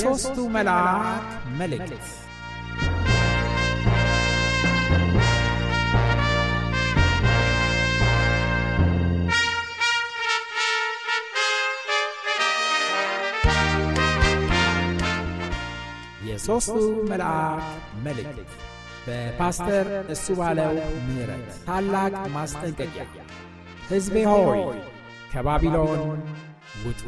የሦስቱ መልአክ መልእክት የሦስቱ መልአክ መልእክት በፓስተር እሱ ባለው ምሕረት ታላቅ ማስጠንቀቂያ ሕዝቤ ሆይ ከባቢሎን ውጡ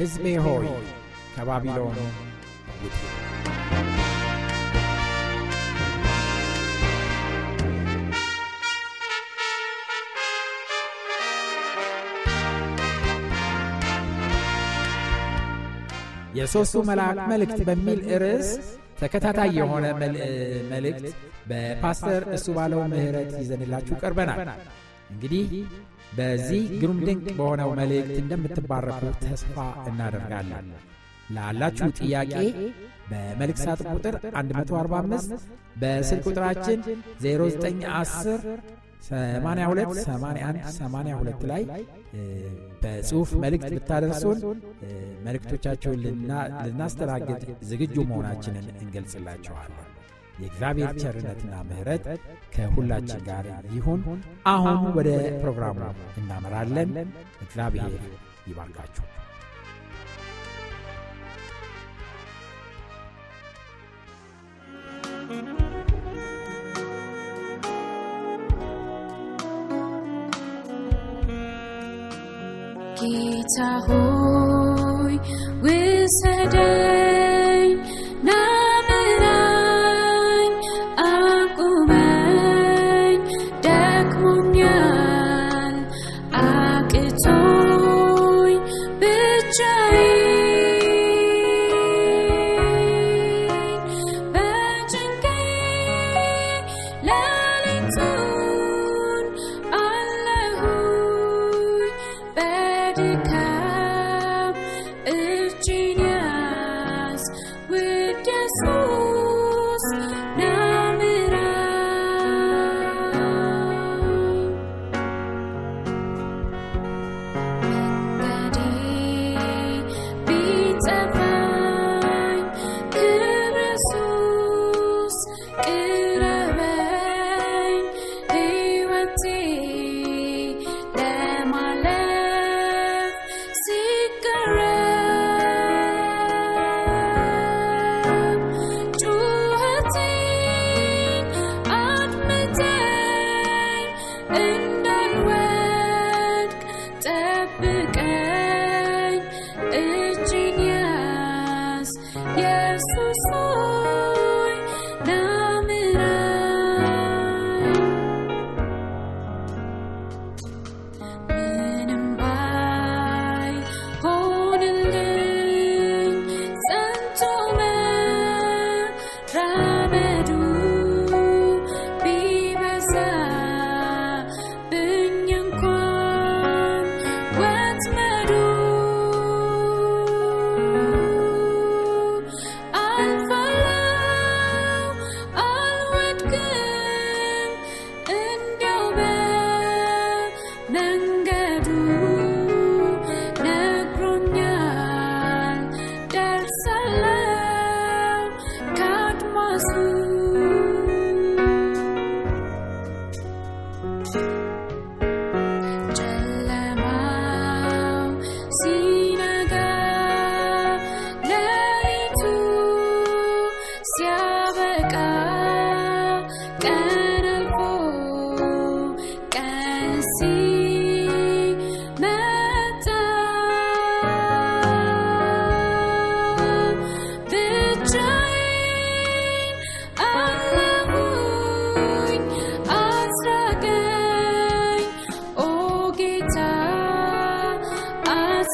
ሕዝቤ ሆይ ከባቢሎን የሦስቱ መልአክ መልእክት በሚል ርዕስ ተከታታይ የሆነ መልእክት በፓስተር እሱ ባለው ምህረት ይዘንላችሁ ቀርበናል። እንግዲህ በዚህ ግሩም ድንቅ በሆነው መልእክት እንደምትባረፉ ተስፋ እናደርጋለን። ላላችሁ ጥያቄ በመልእክት ሳጥን ቁጥር 145 በስልክ ቁጥራችን 0910 82 81 82 ላይ በጽሁፍ መልእክት ብታደርሱን መልእክቶቻቸውን ልናስተናግድ ዝግጁ መሆናችንን እንገልጽላችኋለን። የእግዚአብሔር ቸርነትና ምሕረት ከሁላችን ጋር ይሁን። አሁን ወደ ፕሮግራሙ እናመራለን። እግዚአብሔር ይባርካችሁ። ጌታ ሆይ ውሰደን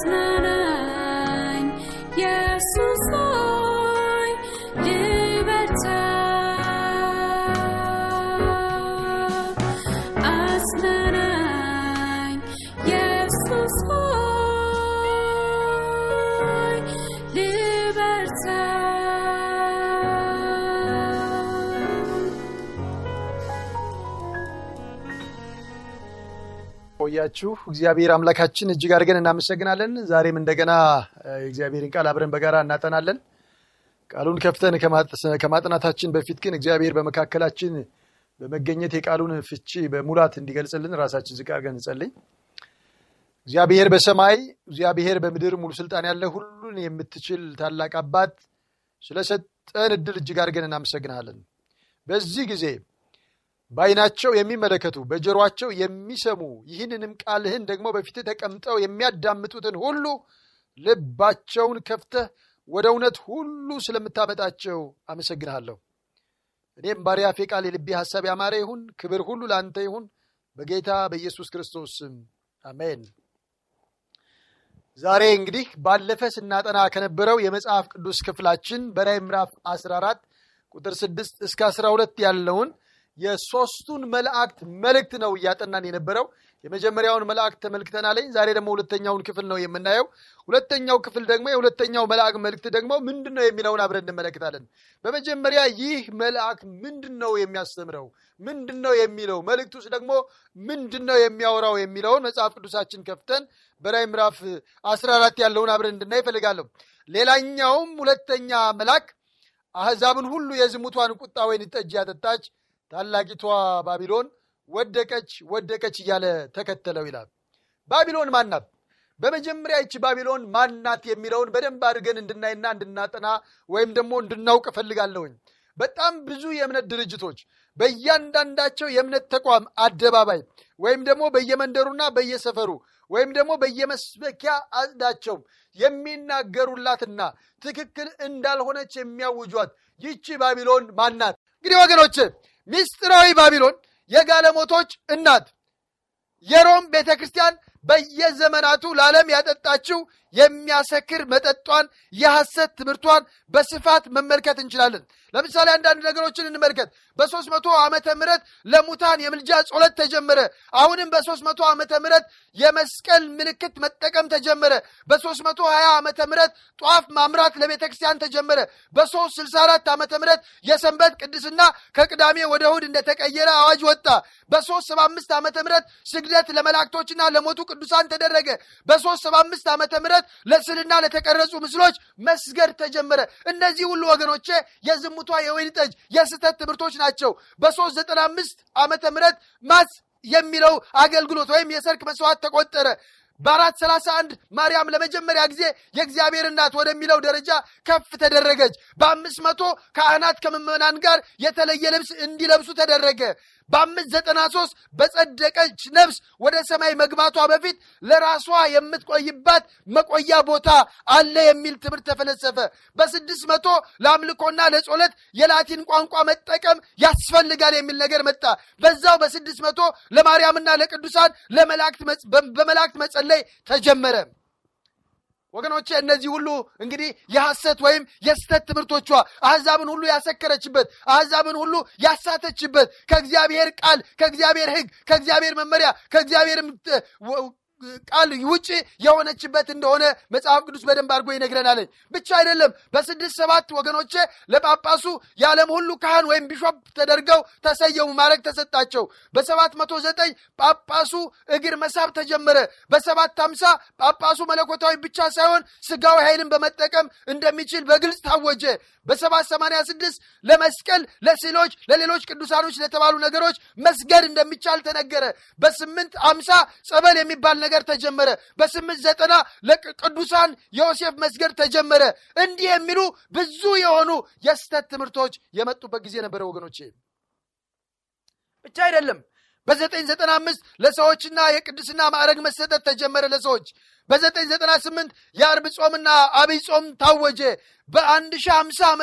not night. ያችሁ እግዚአብሔር አምላካችን እጅግ አድርገን እናመሰግናለን። ዛሬም እንደገና የእግዚአብሔርን ቃል አብረን በጋራ እናጠናለን። ቃሉን ከፍተን ከማጥናታችን በፊት ግን እግዚአብሔር በመካከላችን በመገኘት የቃሉን ፍቺ በሙላት እንዲገልጽልን ራሳችን ዝቅ አድርገን እንጸልይ። እግዚአብሔር በሰማይ እግዚአብሔር በምድር ሙሉ ስልጣን ያለ ሁሉን የምትችል ታላቅ አባት ስለሰጠን እድል እጅግ አድርገን እናመሰግናለን። በዚህ ጊዜ በዓይናቸው የሚመለከቱ በጀሯቸው የሚሰሙ ይህንንም ቃልህን ደግሞ በፊት ተቀምጠው የሚያዳምጡትን ሁሉ ልባቸውን ከፍተህ ወደ እውነት ሁሉ ስለምታመጣቸው አመሰግንሃለሁ። እኔም ባሪያፌ ቃል የልቤ ሐሳብ ያማረ ይሁን። ክብር ሁሉ ለአንተ ይሁን፣ በጌታ በኢየሱስ ክርስቶስ ስም አሜን። ዛሬ እንግዲህ ባለፈ ስናጠና ከነበረው የመጽሐፍ ቅዱስ ክፍላችን በራይ ምዕራፍ 14 ቁጥር 6 እስከ 12 ያለውን የሶስቱን መላእክት መልእክት ነው እያጠናን የነበረው። የመጀመሪያውን መላእክት ተመልክተናለኝ። ዛሬ ደግሞ ሁለተኛውን ክፍል ነው የምናየው። ሁለተኛው ክፍል ደግሞ የሁለተኛው መልአክ መልእክት ደግሞ ምንድን ነው የሚለውን አብረን እንመለከታለን። በመጀመሪያ ይህ መልአክ ምንድን ነው የሚያስተምረው? ምንድን ነው የሚለው? ውስጥ ደግሞ ምንድን ነው የሚያወራው የሚለውን መጽሐፍ ቅዱሳችን ከፍተን በራይ ምራፍ 14 ያለውን አብረን እንድና ይፈልጋለሁ ሌላኛውም ሁለተኛ መልአክ አህዛብን ሁሉ የዝሙቷን ቁጣ ወይን ጠጅ ያጠጣች ታላቂቷ ባቢሎን ወደቀች ወደቀች እያለ ተከተለው ይላል። ባቢሎን ማናት? በመጀመሪያ ይቺ ባቢሎን ማናት የሚለውን በደንብ አድርገን እንድናይና እንድናጠና ወይም ደግሞ እንድናውቅ እፈልጋለሁኝ። በጣም ብዙ የእምነት ድርጅቶች በእያንዳንዳቸው የእምነት ተቋም አደባባይ ወይም ደግሞ በየመንደሩና በየሰፈሩ ወይም ደግሞ በየመስበኪያ አጽዳቸው የሚናገሩላትና ትክክል እንዳልሆነች የሚያውጇት ይቺ ባቢሎን ማናት? እንግዲህ ወገኖች ምስጢራዊ ባቢሎን የጋለሞቶች እናት የሮም ቤተ ክርስቲያን በየዘመናቱ ለዓለም ያጠጣችው የሚያሰክር መጠጧን፣ የሐሰት ትምህርቷን በስፋት መመልከት እንችላለን። ለምሳሌ አንዳንድ ነገሮችን እንመልከት። በሶስት መቶ ዓመተ ምህረት ለሙታን የምልጃ ጸሎት ተጀመረ። አሁንም በሶስት መቶ ዓመተ ምህረት የመስቀል ምልክት መጠቀም ተጀመረ። በሶስት መቶ ሀያ ዓመተ ምህረት ጧፍ ማምራት ለቤተ ክርስቲያን ተጀመረ። በሶስት ስልሳ አራት ዓመተ ምህረት የሰንበት ቅድስና ከቅዳሜ ወደ እሁድ እንደተቀየረ አዋጅ ወጣ። በሶስት ሰባ አምስት ዓመተ ምህረት ስግደት ለመላእክቶችና ለሞቱ ቅዱሳን ተደረገ። በሶስት ሰባ አምስት ዓመተ ምህረት ለስዕልና ለተቀረጹ ምስሎች መስገድ ተጀመረ። እነዚህ ሁሉ ወገኖቼ የዝሙቷ የወይን ጠጅ የስህተት ትምህርቶች ናቸው። በሶስት ዘጠና አምስት ዓመተ ምህረት ማስ የሚለው አገልግሎት ወይም የሰርክ መስዋዕት ተቆጠረ። በአራት ሰላሳ አንድ ማርያም ለመጀመሪያ ጊዜ የእግዚአብሔር እናት ወደሚለው ደረጃ ከፍ ተደረገች። በአምስት መቶ ካህናት ከምዕመናን ጋር የተለየ ልብስ እንዲለብሱ ተደረገ። በአምስት ዘጠና ሶስት በጸደቀች ነፍስ ወደ ሰማይ መግባቷ በፊት ለራሷ የምትቆይባት መቆያ ቦታ አለ የሚል ትምህርት ተፈለሰፈ። በስድስት መቶ ለአምልኮና ለጸሎት የላቲን ቋንቋ መጠቀም ያስፈልጋል የሚል ነገር መጣ። በዛው በስድስት መቶ ለማርያምና ለቅዱሳን በመላእክት መጸለይ ተጀመረ። ወገኖቼ እነዚህ ሁሉ እንግዲህ የሐሰት ወይም የስተት ትምህርቶቿ አሕዛብን ሁሉ ያሰከረችበት፣ አሕዛብን ሁሉ ያሳተችበት ከእግዚአብሔር ቃል ከእግዚአብሔር ሕግ ከእግዚአብሔር መመሪያ ከእግዚአብሔር ቃል ውጭ የሆነችበት እንደሆነ መጽሐፍ ቅዱስ በደንብ አድርጎ ይነግረናል። ብቻ አይደለም በስድስት ሰባት ወገኖቼ ለጳጳሱ የዓለም ሁሉ ካህን ወይም ቢሾፕ ተደርገው ተሰየሙ፣ ማድረግ ተሰጣቸው። በሰባት መቶ ዘጠኝ ጳጳሱ እግር መሳብ ተጀመረ። በሰባት አምሳ ጳጳሱ መለኮታዊ ብቻ ሳይሆን ስጋዊ ኃይልን በመጠቀም እንደሚችል በግልጽ ታወጀ። በሰባት ሰማንያ ስድስት ለመስቀል ለስዕሎች፣ ለሌሎች ቅዱሳኖች ለተባሉ ነገሮች መስገድ እንደሚቻል ተነገረ። በስምንት አምሳ ጸበል የሚባል ነገር ነገር ተጀመረ። በስምንት ዘጠና ለቅዱሳን የዮሴፍ መስገድ ተጀመረ። እንዲህ የሚሉ ብዙ የሆኑ የስተት ትምህርቶች የመጡበት ጊዜ ነበረ ወገኖቼ። ብቻ አይደለም በ995 ለሰዎችና የቅድስና ማዕረግ መሰጠት ተጀመረ። ለሰዎች በ998 የአርብ ጾምና አብይ ጾም ታወጀ። በ1050 ዓ ም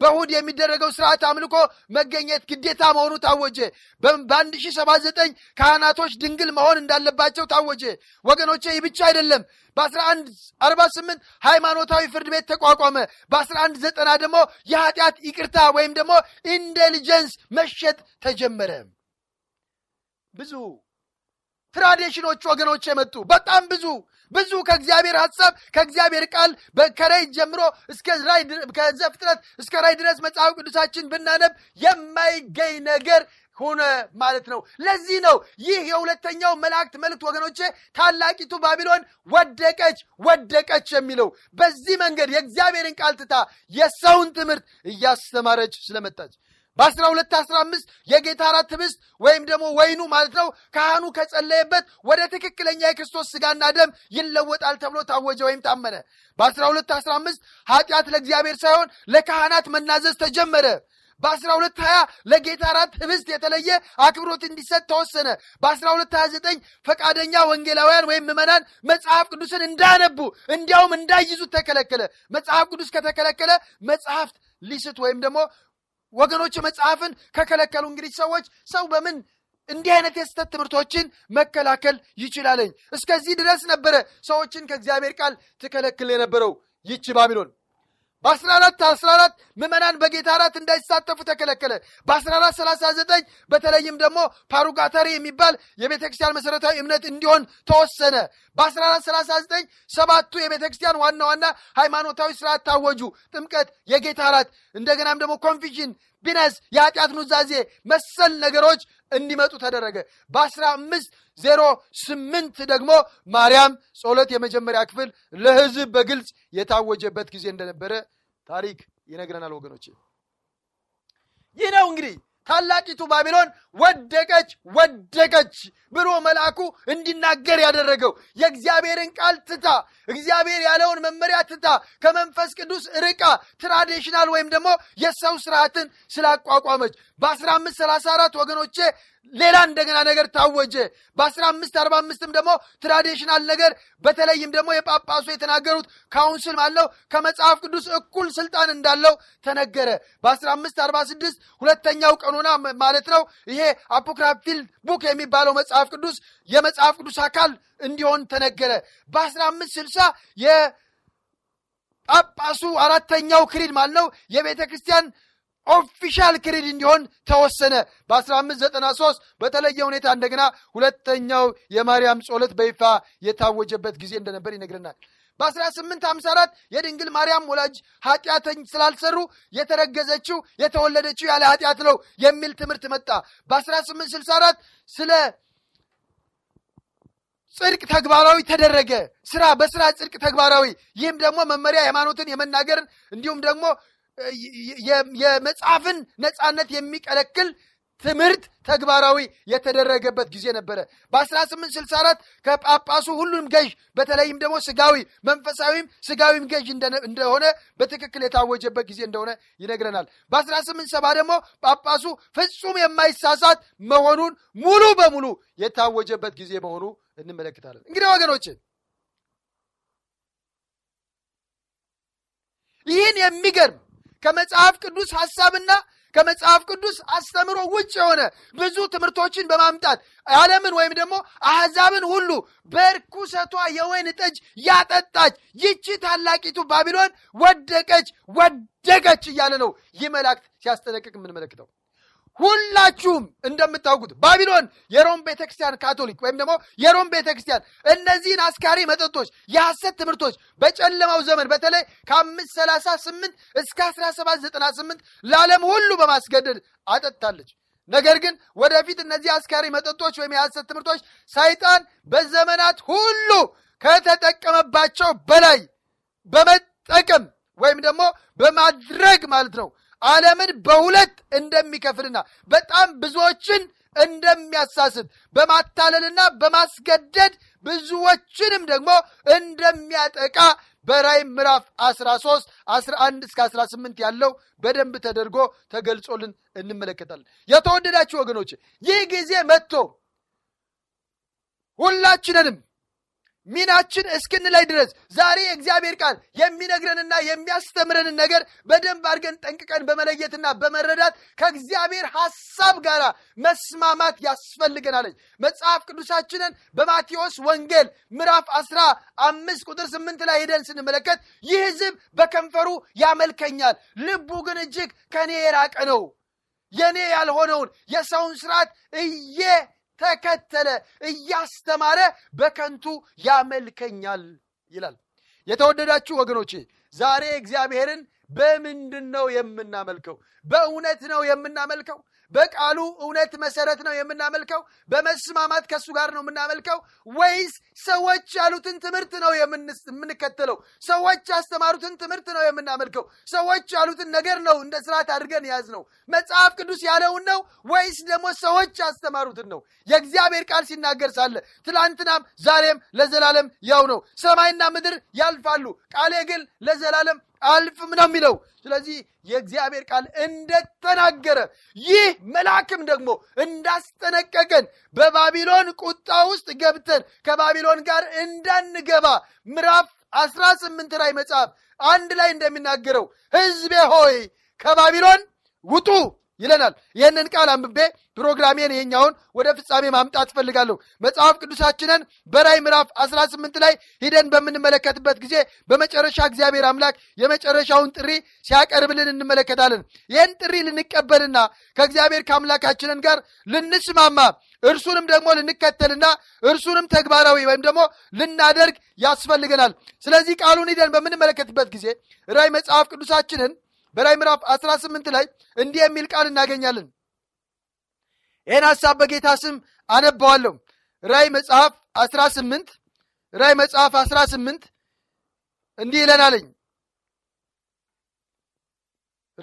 በእሁድ የሚደረገው ስርዓት አምልኮ መገኘት ግዴታ መሆኑ ታወጀ። በ1079 ካህናቶች ድንግል መሆን እንዳለባቸው ታወጀ። ወገኖቼ ይህ ብቻ አይደለም። በ1148 ሃይማኖታዊ ፍርድ ቤት ተቋቋመ። በ1190 ደግሞ የኃጢአት ይቅርታ ወይም ደግሞ ኢንቴሊጀንስ መሸጥ ተጀመረ። ብዙ ትራዲሽኖች ወገኖች የመጡ በጣም ብዙ ብዙ ከእግዚአብሔር ሀሳብ ከእግዚአብሔር ቃል ከራይ ጀምሮ እስከ ራይ ከዘፍጥረት እስከ ራይ ድረስ መጽሐፍ ቅዱሳችን ብናነብ የማይገኝ ነገር ሆነ ማለት ነው። ለዚህ ነው ይህ የሁለተኛው መላእክት መልእክት ወገኖቼ፣ ታላቂቱ ባቢሎን ወደቀች ወደቀች የሚለው በዚህ መንገድ የእግዚአብሔርን ቃል ትታ የሰውን ትምህርት እያስተማረች ስለመጣች በ 1215 የጌታ አራት ህብስት ወይም ደግሞ ወይኑ ማለት ነው ካህኑ ከጸለየበት ወደ ትክክለኛ የክርስቶስ ስጋና ደም ይለወጣል ተብሎ ታወጀ ወይም ታመነ። በ በ1215 ኃጢአት ለእግዚአብሔር ሳይሆን ለካህናት መናዘዝ ተጀመረ። በ በ1220 ለጌታ አራት ህብስት የተለየ አክብሮት እንዲሰጥ ተወሰነ። በ በ1229 ፈቃደኛ ወንጌላውያን ወይም ምዕመናን መጽሐፍ ቅዱስን እንዳነቡ እንዲያውም እንዳይዙት ተከለከለ። መጽሐፍ ቅዱስ ከተከለከለ መጽሐፍት ሊስት ወይም ደግሞ ወገኖች መጽሐፍን ከከለከሉ እንግዲህ ሰዎች ሰው በምን እንዲህ አይነት የስተት ትምህርቶችን መከላከል ይችላለኝ? እስከዚህ ድረስ ነበረ ሰዎችን ከእግዚአብሔር ቃል ትከለክል የነበረው ይቺ ባቢሎን። በአስራ አራት አስራ አራት ምዕመናን በጌታ አራት እንዳይሳተፉ ተከለከለ። በአስራ አራት ሰላሳ ዘጠኝ በተለይም ደግሞ ፓሩጋተሪ የሚባል የቤተ ክርስቲያን መሠረታዊ እምነት እንዲሆን ተወሰነ። በአስራ አራት ሰላሳ ዘጠኝ ሰባቱ የቤተ ክርስቲያን ዋና ዋና ሃይማኖታዊ ስርዓት ታወጁ። ጥምቀት፣ የጌታ አራት እንደገናም ደግሞ ኮንፊሽን፣ ቢነስ፣ የኃጢአት ኑዛዜ መሰል ነገሮች እንዲመጡ ተደረገ። በአስራ አምስት ዜሮ ስምንት ደግሞ ማርያም ጸሎት የመጀመሪያ ክፍል ለህዝብ በግልጽ የታወጀበት ጊዜ እንደነበረ ታሪክ ይነግረናል። ወገኖች ይህ ነው እንግዲህ ታላቂቱ ባቢሎን ወደቀች ወደቀች ብሎ መልአኩ እንዲናገር ያደረገው የእግዚአብሔርን ቃል ትታ እግዚአብሔር ያለውን መመሪያ ትታ ከመንፈስ ቅዱስ ርቃ ትራዲሽናል ወይም ደግሞ የሰው ስርዓትን ስላቋቋመች በ1534 ወገኖቼ ሌላ እንደገና ነገር ታወጀ። በአስራ አምስት አርባ አምስትም ደግሞ ትራዲሽናል ነገር በተለይም ደግሞ የጳጳሱ የተናገሩት ካውንስል አለው ከመጽሐፍ ቅዱስ እኩል ስልጣን እንዳለው ተነገረ። በአስራ አምስት አርባ ስድስት ሁለተኛው ቀኖና ማለት ነው ይሄ አፖክራፊል ቡክ የሚባለው መጽሐፍ ቅዱስ የመጽሐፍ ቅዱስ አካል እንዲሆን ተነገረ። በአስራ አምስት ስልሳ የጳጳሱ አራተኛው ክሪድ ማለት ነው የቤተ ክርስቲያን ኦፊሻል ክሪድ እንዲሆን ተወሰነ። በ1593 በተለየ ሁኔታ እንደገና ሁለተኛው የማርያም ጸሎት በይፋ የታወጀበት ጊዜ እንደነበር ይነግረናል። በ1854 የድንግል ማርያም ወላጅ ኃጢአተኝ ስላልሰሩ የተረገዘችው የተወለደችው ያለ ኃጢአት ነው የሚል ትምህርት መጣ። በ1864 ስለ ጽድቅ ተግባራዊ ተደረገ። ስራ በስራ ጽድቅ ተግባራዊ። ይህም ደግሞ መመሪያ ሃይማኖትን የመናገርን እንዲሁም ደግሞ የመጽሐፍን ነፃነት የሚቀለክል ትምህርት ተግባራዊ የተደረገበት ጊዜ ነበረ። በ1864 ከጳጳሱ ሁሉም ገዥ በተለይም ደግሞ ስጋዊ መንፈሳዊም ስጋዊም ገዥ እንደሆነ በትክክል የታወጀበት ጊዜ እንደሆነ ይነግረናል። በ1870 ደግሞ ጳጳሱ ፍጹም የማይሳሳት መሆኑን ሙሉ በሙሉ የታወጀበት ጊዜ መሆኑ እንመለከታለን። እንግዲህ ወገኖችን ይህን የሚገርም ከመጽሐፍ ቅዱስ ሐሳብና ከመጽሐፍ ቅዱስ አስተምሮ ውጭ የሆነ ብዙ ትምህርቶችን በማምጣት ዓለምን ወይም ደግሞ አሕዛብን ሁሉ በርኩሰቷ የወይን ጠጅ ያጠጣች ይቺ ታላቂቱ ባቢሎን ወደቀች፣ ወደቀች እያለ ነው ይህ መላእክት ሲያስጠነቅቅ የምንመለክተው። ሁላችሁም እንደምታውቁት ባቢሎን የሮም ቤተክርስቲያን ካቶሊክ ወይም ደግሞ የሮም ቤተክርስቲያን እነዚህን አስካሪ መጠጦች፣ የሐሰት ትምህርቶች በጨለማው ዘመን በተለይ ከአምስት ሰላሳ ስምንት እስከ አስራ ሰባት ዘጠና ስምንት ለዓለም ሁሉ በማስገደድ አጠጥታለች። ነገር ግን ወደፊት እነዚህ አስካሪ መጠጦች ወይም የሐሰት ትምህርቶች ሰይጣን በዘመናት ሁሉ ከተጠቀመባቸው በላይ በመጠቀም ወይም ደግሞ በማድረግ ማለት ነው ዓለምን በሁለት እንደሚከፍልና በጣም ብዙዎችን እንደሚያሳስብ በማታለልና በማስገደድ ብዙዎችንም ደግሞ እንደሚያጠቃ በራይ ምዕራፍ 13 11 እስከ 18 ያለው በደንብ ተደርጎ ተገልጾልን እንመለከታለን። የተወደዳችሁ ወገኖች ይህ ጊዜ መጥቶ ሁላችንንም ሚናችን እስክንላይ ድረስ ዛሬ የእግዚአብሔር ቃል የሚነግረንና የሚያስተምረንን ነገር በደንብ አድርገን ጠንቅቀን በመለየትና በመረዳት ከእግዚአብሔር ሐሳብ ጋር መስማማት ያስፈልገናለች። መጽሐፍ ቅዱሳችንን በማቴዎስ ወንጌል ምዕራፍ አስራ አምስት ቁጥር ስምንት ላይ ሄደን ስንመለከት ይህ ሕዝብ በከንፈሩ ያመልከኛል፣ ልቡ ግን እጅግ ከእኔ የራቀ ነው፣ የእኔ ያልሆነውን የሰውን ስርዓት እየ ተከተለ፣ እያስተማረ በከንቱ ያመልከኛል ይላል። የተወደዳችሁ ወገኖቼ ዛሬ እግዚአብሔርን በምንድን ነው የምናመልከው? በእውነት ነው የምናመልከው? በቃሉ እውነት መሰረት ነው የምናመልከው? በመስማማት ከእሱ ጋር ነው የምናመልከው? ወይስ ሰዎች ያሉትን ትምህርት ነው የምንከተለው? ሰዎች ያስተማሩትን ትምህርት ነው የምናመልከው? ሰዎች ያሉትን ነገር ነው እንደ ስርዓት አድርገን ያዝ ነው? መጽሐፍ ቅዱስ ያለውን ነው ወይስ ደግሞ ሰዎች ያስተማሩትን ነው? የእግዚአብሔር ቃል ሲናገር ሳለ ትላንትናም ዛሬም ለዘላለም ያው ነው። ሰማይና ምድር ያልፋሉ፣ ቃሌ ግን ለዘላለም አልፍም ነው የሚለው። ስለዚህ የእግዚአብሔር ቃል እንደተናገረ ይህ መልአክም ደግሞ እንዳስጠነቀቀን በባቢሎን ቁጣ ውስጥ ገብተን ከባቢሎን ጋር እንዳንገባ ምዕራፍ አስራ ስምንት ላይ መጽሐፍ አንድ ላይ እንደሚናገረው ሕዝቤ ሆይ ከባቢሎን ውጡ ይለናል። ይህንን ቃል አንብቤ ፕሮግራሜን ይሄኛውን ወደ ፍጻሜ ማምጣት እፈልጋለሁ። መጽሐፍ ቅዱሳችንን በራይ ምዕራፍ 18 ላይ ሂደን በምንመለከትበት ጊዜ በመጨረሻ እግዚአብሔር አምላክ የመጨረሻውን ጥሪ ሲያቀርብልን እንመለከታለን። ይህን ጥሪ ልንቀበልና ከእግዚአብሔር ከአምላካችንን ጋር ልንስማማ እርሱንም ደግሞ ልንከተልና እርሱንም ተግባራዊ ወይም ደግሞ ልናደርግ ያስፈልገናል። ስለዚህ ቃሉን ሂደን በምንመለከትበት ጊዜ ራይ መጽሐፍ ቅዱሳችንን በላይ ምዕራፍ 18 ላይ እንዲህ የሚል ቃል እናገኛለን። ይህን ሐሳብ በጌታ ስም አነባዋለሁ። ራይ መጽሐፍ 18 ራይ መጽሐፍ 18 እንዲህ ይለናለኝ።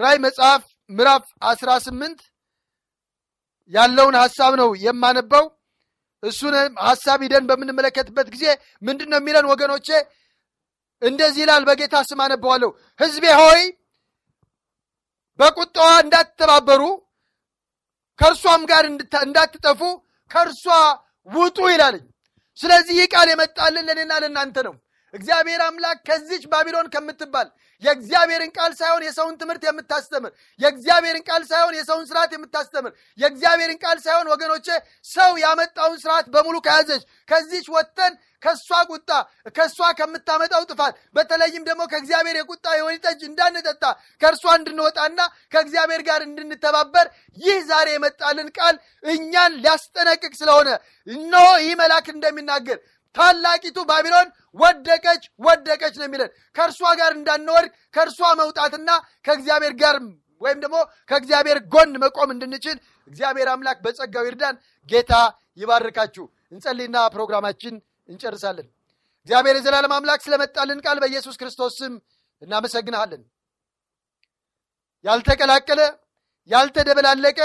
ራይ መጽሐፍ ምዕራፍ 18 ያለውን ሐሳብ ነው የማነባው። እሱን ሐሳብ ሂደን በምንመለከትበት ጊዜ ምንድን ነው የሚለን ወገኖቼ? እንደዚህ ይላል። በጌታ ስም አነባዋለሁ። ህዝቤ ሆይ በቁጣዋ እንዳትተባበሩ ከእርሷም ጋር እንዳትጠፉ ከእርሷ ውጡ ይላለኝ። ስለዚህ ይህ ቃል የመጣልን ለእኔና ለእናንተ ነው። እግዚአብሔር አምላክ ከዚች ባቢሎን ከምትባል የእግዚአብሔርን ቃል ሳይሆን የሰውን ትምህርት የምታስተምር፣ የእግዚአብሔርን ቃል ሳይሆን የሰውን ስርዓት የምታስተምር፣ የእግዚአብሔርን ቃል ሳይሆን ወገኖቼ ሰው ያመጣውን ስርዓት በሙሉ ከያዘች ከዚች ወጥተን ከእሷ ቁጣ ከእሷ ከምታመጣው ጥፋት በተለይም ደግሞ ከእግዚአብሔር የቁጣ የወይን ጠጅ እንዳንጠጣ ከእርሷ እንድንወጣና ከእግዚአብሔር ጋር እንድንተባበር ይህ ዛሬ የመጣልን ቃል እኛን ሊያስጠነቅቅ ስለሆነ እነሆ ይህ መልአክ እንደሚናገር ታላቂቱ ባቢሎን ወደቀች ወደቀች ነው የሚለን። ከእርሷ ጋር እንዳንወድ ከእርሷ መውጣትና ከእግዚአብሔር ጋር ወይም ደግሞ ከእግዚአብሔር ጎን መቆም እንድንችል እግዚአብሔር አምላክ በጸጋው ይርዳን። ጌታ ይባርካችሁ። እንጸልይና ፕሮግራማችን እንጨርሳለን። እግዚአብሔር የዘላለም አምላክ ስለመጣልን ቃል በኢየሱስ ክርስቶስ ስም እናመሰግናለን። ያልተቀላቀለ፣ ያልተደበላለቀ፣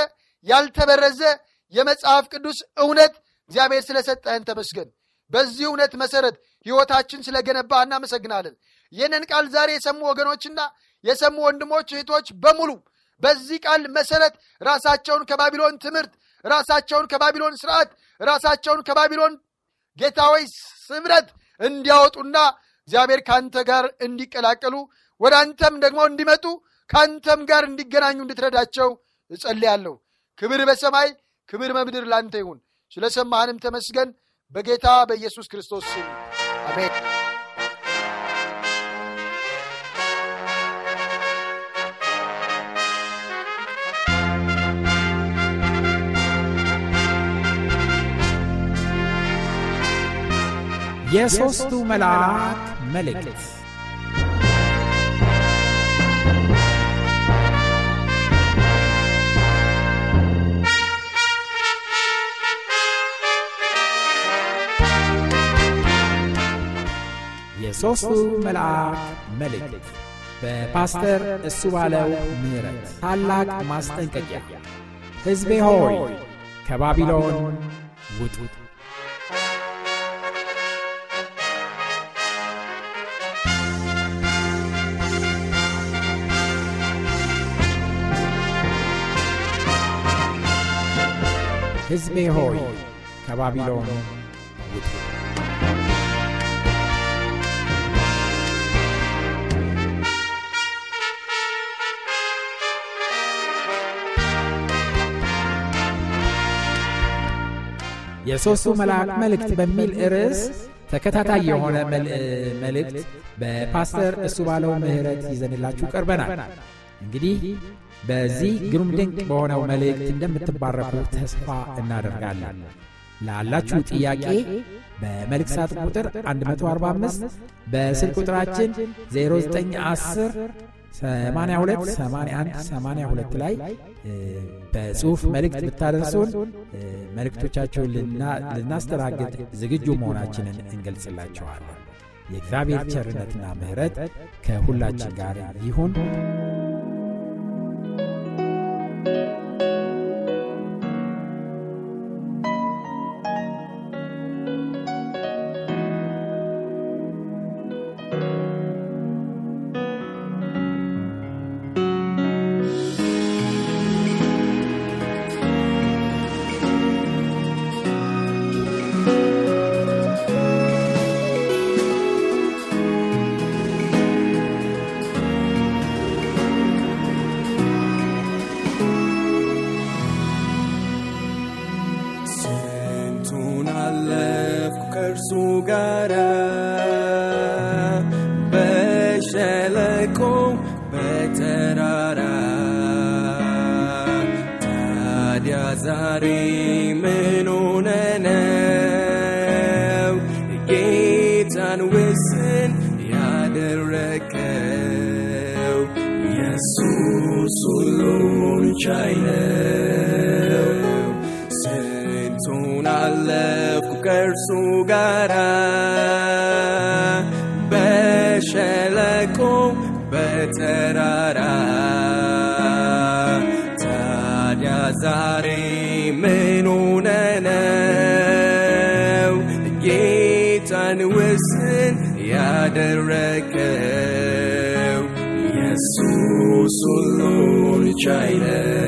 ያልተበረዘ የመጽሐፍ ቅዱስ እውነት እግዚአብሔር ስለሰጠህን ተመስገን። በዚህ እውነት መሰረት ሕይወታችን ስለገነባ እናመሰግናለን። ይህንን ቃል ዛሬ የሰሙ ወገኖችና የሰሙ ወንድሞች እህቶች በሙሉ በዚህ ቃል መሰረት ራሳቸውን ከባቢሎን ትምህርት፣ ራሳቸውን ከባቢሎን ስርዓት፣ ራሳቸውን ከባቢሎን ጌታዊ ስብረት እንዲያወጡና እግዚአብሔር ከአንተ ጋር እንዲቀላቀሉ ወደ አንተም ደግሞ እንዲመጡ ከአንተም ጋር እንዲገናኙ እንድትረዳቸው እጸልያለሁ። ክብር በሰማይ ክብር በምድር ላንተ ይሁን። ስለሰማህንም ተመስገን። በጌታ በኢየሱስ ክርስቶስ ስም አሜን። የሦስቱ መልአክ መልእክት የሦስቱ መልአክ መልእክት በፓስተር እሱ ባለው ምረት ታላቅ ማስጠንቀቂያ ሕዝቤ ሆይ ከባቢሎን ውጡት ሕዝቤ ሆይ ከባቢሎን የሦስቱ መልአክ መልእክት በሚል ርዕስ ተከታታይ የሆነ መልእክት በፓስተር እሱ ባለው ምህረት ይዘንላችሁ ቀርበናል። እንግዲህ በዚህ ግሩም ድንቅ በሆነው መልእክት እንደምትባረፉ ተስፋ እናደርጋለን። ላላችሁ ጥያቄ በመልእክት ሳጥን ቁጥር 145 በስልክ ቁጥራችን 0910 82 81 82 ላይ በጽሁፍ መልእክት ብታደርሱን መልእክቶቻቸውን ልናስተናግድ ዝግጁ መሆናችንን እንገልጽላችኋለን። የእግዚአብሔር ቸርነትና ምህረት ከሁላችን ጋር ይሁን። አይቆም በተራራ ታዲያ ዛሬ ምን ነው ጌታን ውስን ያደረከው ኢየሱስ ሁሉን ቻይ ነው ስንቱን አለፍኩ ከእርሱ ጋራ ጋራ ታዲያ ዛሬ ምን ነው! ጌታን ውስን ያደረገው ኢየሱስ ሁሉን ቻይ ነው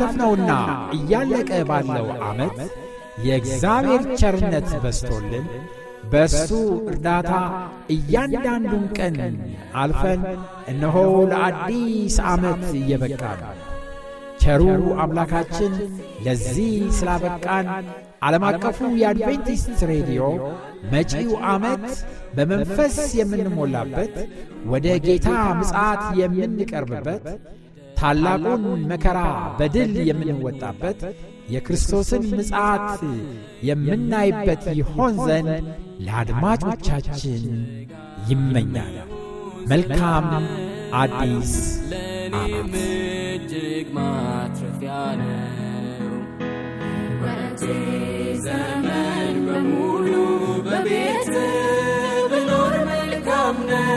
ባሳለፍነውና እያለቀ ባለው ዓመት የእግዚአብሔር ቸርነት በስቶልን በእሱ እርዳታ እያንዳንዱን ቀን አልፈን እነሆ ለአዲስ ዓመት እየበቃን ቸሩ አምላካችን ለዚህ ስላበቃን ዓለም አቀፉ የአድቬንቲስት ሬዲዮ መጪው ዓመት በመንፈስ የምንሞላበት ወደ ጌታ ምጻት የምንቀርብበት ታላቁን መከራ በድል የምንወጣበት የክርስቶስን ምጽአት የምናይበት ይሆን ዘንድ ለአድማጮቻችን ይመኛል። መልካም አዲስ ዓመት! ማትረፊያ ነው ዘመን በሙሉ በቤት ብኖር መልካም ነው።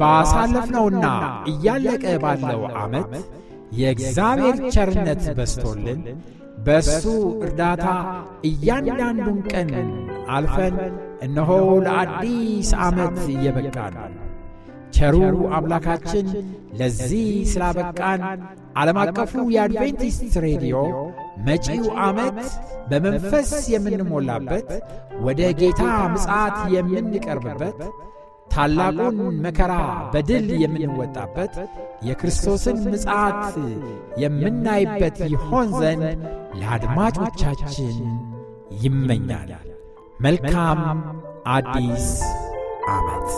ባሳለፍነውና እያለቀ ባለው ዓመት የእግዚአብሔር ቸርነት በስቶልን በእሱ እርዳታ እያንዳንዱን ቀን አልፈን እነሆ ለአዲስ ዓመት እየበቃን ቸሩ አምላካችን ለዚህ ስላበቃን ዓለም አቀፉ የአድቬንቲስት ሬዲዮ መጪው ዓመት በመንፈስ የምንሞላበት ወደ ጌታ ምጽዓት የምንቀርብበት ታላቁን መከራ በድል የምንወጣበት የክርስቶስን ምጽዓት የምናይበት ይሆን ዘንድ ለአድማጮቻችን ይመኛል። መልካም አዲስ ዓመት